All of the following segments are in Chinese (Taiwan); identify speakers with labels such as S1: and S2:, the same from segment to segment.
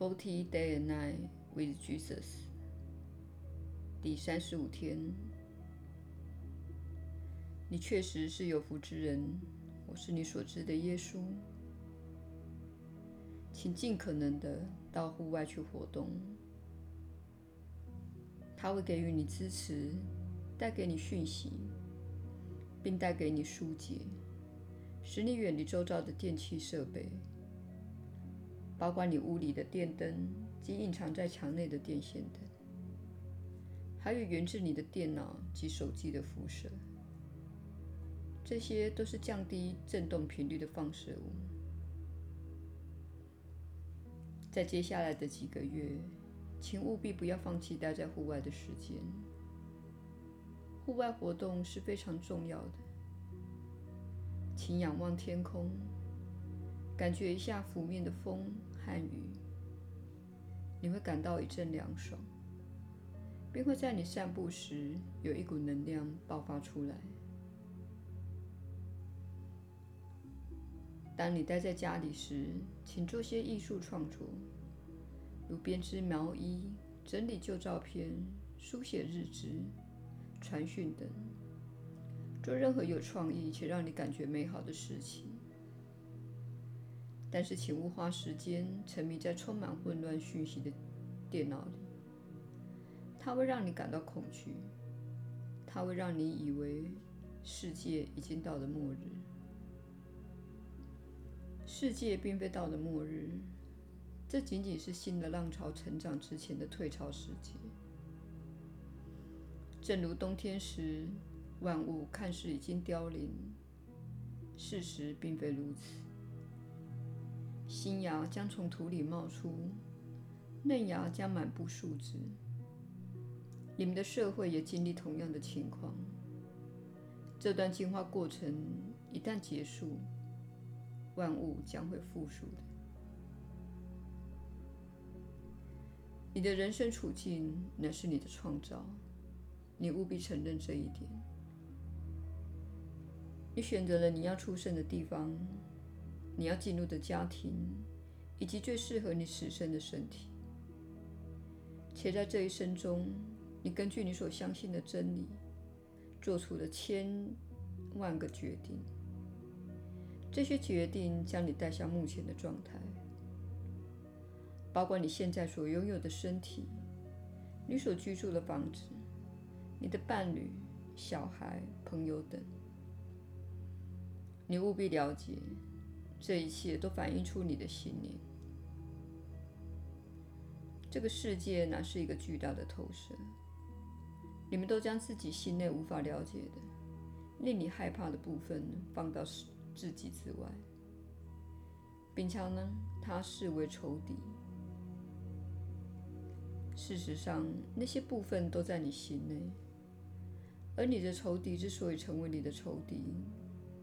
S1: Forty day and night with Jesus。第三十五天，你確實是有福之人，我是你所知的耶穌。請儘可能地到戶外去活動，它會給予你支持，帶給你訊息，並帶給你疏解，使你遠離周遭的電器設備。包括你屋裡的電燈及隱藏在牆內的電線等，還有源自你的電腦及手機的輻射，這些都是降低振動頻率的放射物。在接下來的幾個月，請務必不要放棄待在戶外的時間。戶外活動是非常重要的。請仰望天空，感覺一下拂面的風。和雨，你會感到一陣涼爽，並會在你散步時有一股能量爆發出來。當你待在家裡時，請做些藝術創作，如編織毛衣、整理舊照片、書寫日誌、傳訊等，做任何有創意且讓你感覺美好的事情。但是，請勿花時間沉迷在充滿混亂訊息的電腦裡，它會讓你感到恐懼，它會讓你以為世界已經到了末日。世界並非到了末日，這僅僅是新的浪潮成長之前的退潮時期。正如冬天時萬物看似已經凋零，事實並非如此。新芽將從土裡冒出，嫩芽將滿佈樹枝。你們的社會也經歷同樣的情況。這段淨化過程一旦結束，萬物將會復甦的。你的人生處境乃是你的創造，你務必承認這一點。你選擇了你要出生的地方。你要進入的家庭，以及最適合你此生的身體，且在這一生中，你根據你所相信的真理，做出了千萬個決定。這些決定將你帶向目前的狀態，包括你現在所擁有的身體、你所居住的房子、你的伴侶、小孩、朋友等。你務必了解，這一切都反映出你的心念。這個世界乃是一個巨大的投射，你們都將自己心內無法了解的、令你害怕的部分放到自己之外，並將它視為仇敵。事實上，那些部分都在你心內，而你的仇敵之所以成為你的仇敵。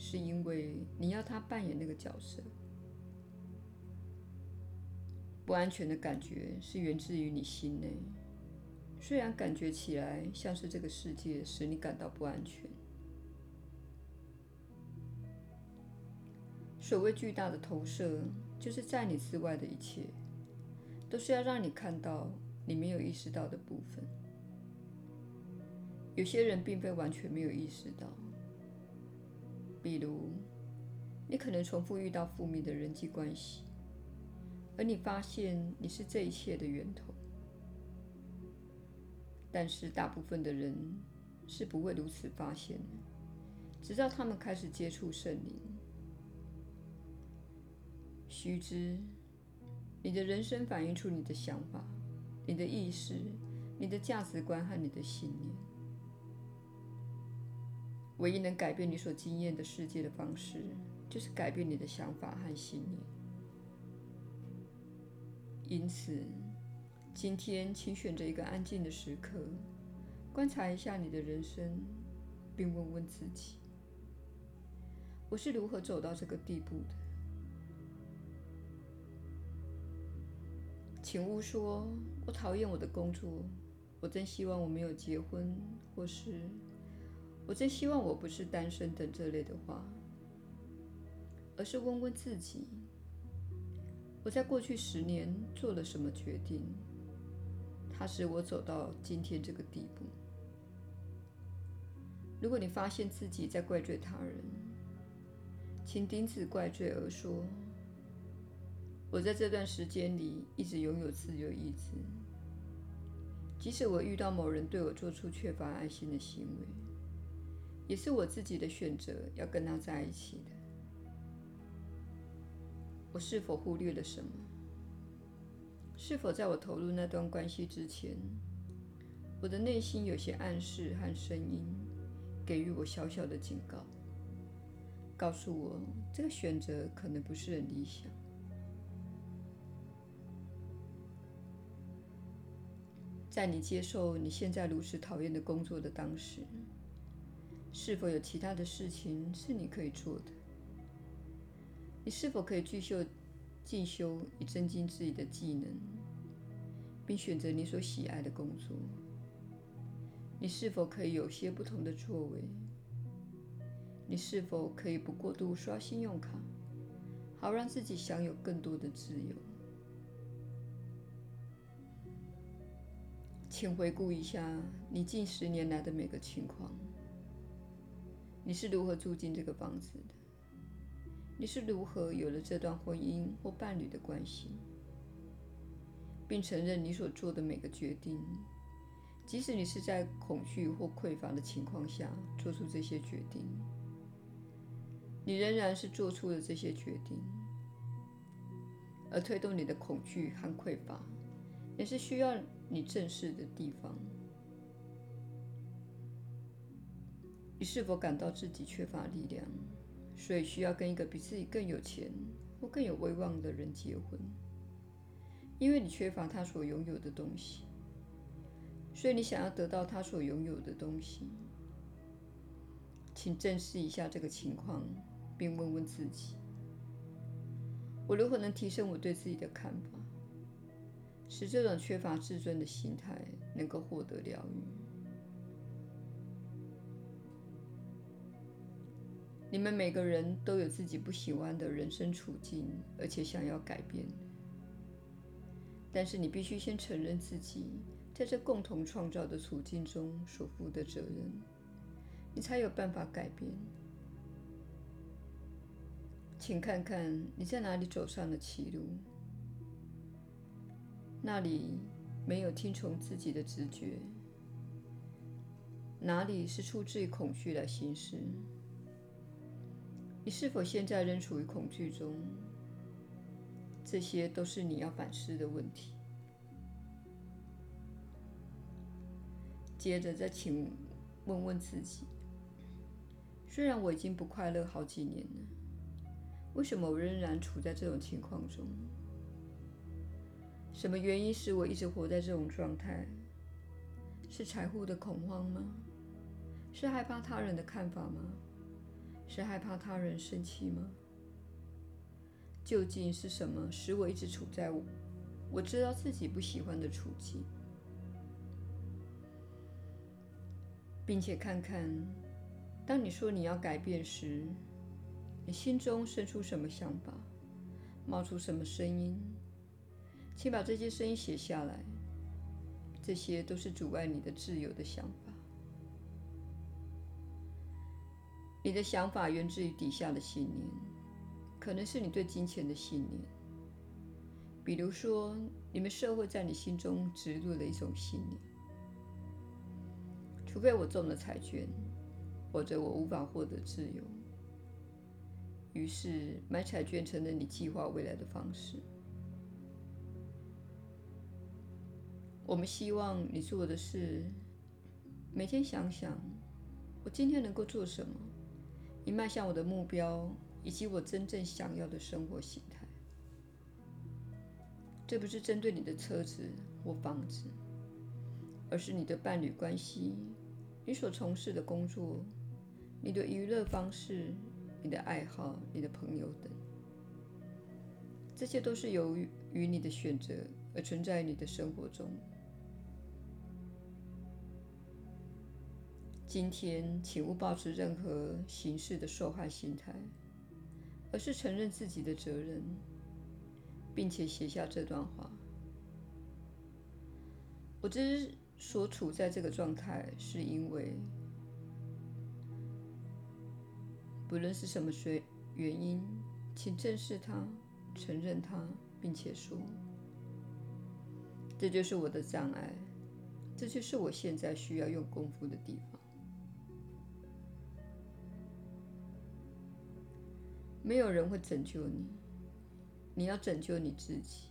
S1: 是因為你要他扮演那個角色，不安全的感覺是源自於你心內，雖然感覺起來像是這個世界使你感到不安全。所謂巨大的投射，就是在你之外的一切，都是要讓你看到你沒有意識到的部分。有些人並非完全沒有意識到。比如，你可能重複遇到負面的人際關係，而你發現你是這一切的源頭。但是，大部分的人是不會如此發現的，直到他們開始接觸聖靈。須知，你的人生反映出你的想法、你的意識、你的價值觀和你的信念。唯一能改變你所經驗的世界的方式，就是改變你的想法和信念。因此，今天請選擇一個安靜的時刻，觀察一下你的人生，並問問自己：我是如何走到這個地步的？請勿說“我討厭我的工作”，“我真希望我沒有結婚”或是。我真希望我不是單身等這類的話，而是問問自己：我在過去十年做了什麼決定，它使我走到今天這個地步？如果你發現自己在怪罪他人，請停止怪罪而說：我在這段時間裡一直擁有自由意志，即使我遇到某人對我做出缺乏愛心的行為。也是我自己的選擇，要跟他在一起的。我是否忽略了什麼？是否在我投入那段關係之前，我的內心有些暗示和聲音，給予我小小的警告，告訴我這個選擇可能不是很理想？在你接受你現在如此討厭的工作的當時。是否有其他的事情是你可以做的？你是否可以繼續進修以增進自己的技能，並選擇你所喜愛的工作？你是否可以有些不同的作為？你是否可以不過度刷信用卡，好讓自己享有更多的自由？請回顧一下你近十年來的每個情況。你是如何住進這個房子的？你是如何有了這段婚姻或伴侶的關係？並承認你所做的每個決定，即使你是在恐懼或匱乏的情況下做出這些決定，你仍然是做出了這些決定，而推動你的恐懼和匱乏，也是需要你正視的地方。你是否感到自己缺乏力量，所以需要跟一個比自己更有錢或更有威望的人結婚？因為你缺乏他所擁有的東西，所以你想要得到他所擁有的東西。請正視一下這個情況，並問問自己：我如何能提升我對自己的看法，使這種缺乏自尊的心態能夠獲得療愈？你們每個人都有自己不喜歡的人生處境，而且想要改變。但是你必須先承認自己在這共同創造的處境中所負的責任，你才有辦法改變。請看看你在哪裡走上了歧路，哪裡沒有聽從自己的直覺，哪裡是出自於恐懼來行事。你是否現在仍處於恐懼中？這些都是你要反思的問題。接着再請問問自己：雖然我已經不快樂好幾年了，為什麼我仍然處在這種情況中？什麼原因使我一直活在這種狀態？是財富的恐慌嗎？是害怕他人的看法嗎？是害怕他人生氣嗎？究竟是什麼使我一直處在我，我知道自己不喜歡的處境？並且看看，當你說你要改變時，你心中生出什麼想法，冒出什麼聲音？請把這些聲音寫下來，這些都是阻礙你的自由的想法。你的想法源自於底下的信念，可能是你對金錢的信念，比如說，你們社會在你心中植入了一種信念。除非我中了彩券，或者我無法獲得自由，於是買彩券成了你計劃未來的方式。我們希望你做的事，每天想想，我今天能夠做什麼。你邁向我的目標，以及我真正想要的生活形態。這不是針對你的車子或房子，而是你的伴侶關係、你所從事的工作、你的娛樂方式、你的愛好、你的朋友等。這些都是由於你的選擇而存在於你的生活中。今天，請勿保持任何形式的受害心態，而是承認自己的責任，並且寫下這段話。我之所處在這個狀態，是因為不論是什麼原因，請正視它，承認它，並且說：這就是我的障礙，這就是我現在需要用功夫的地方。沒有人會拯救你，你要拯救你自己。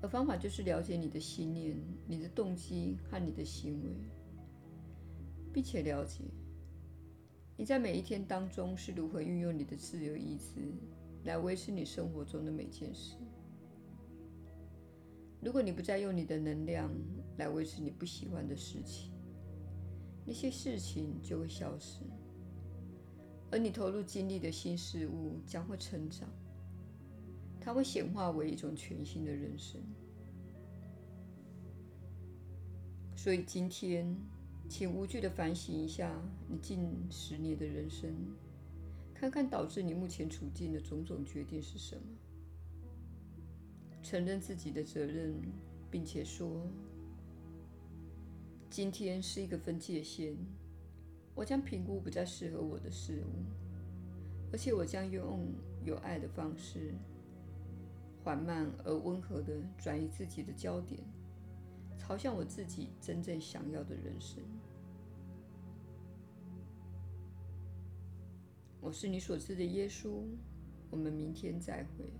S1: 而方法就是了解你的信念、你的動機和你的行為，並且了解你在每一天當中是如何運用你的自由意志來維持你生活中的每件事。如果你不再用你的能量來維持你不喜歡的事情，那些事情就會消失。而你投入精力的新事物將會成長，它會顯化為一種全新的人生。所以今天，請無懼地反省一下你近十年的人生，看看導致你目前處境的種種決定是什麼，承認自己的責任，並且說，今天是一個分界線。我將評估不再適合我的事物，而且我將用有愛的方式，緩慢而溫和的轉移自己的焦點，朝向我自己真正想要的人生。我是你所知的耶穌。我們明天再會。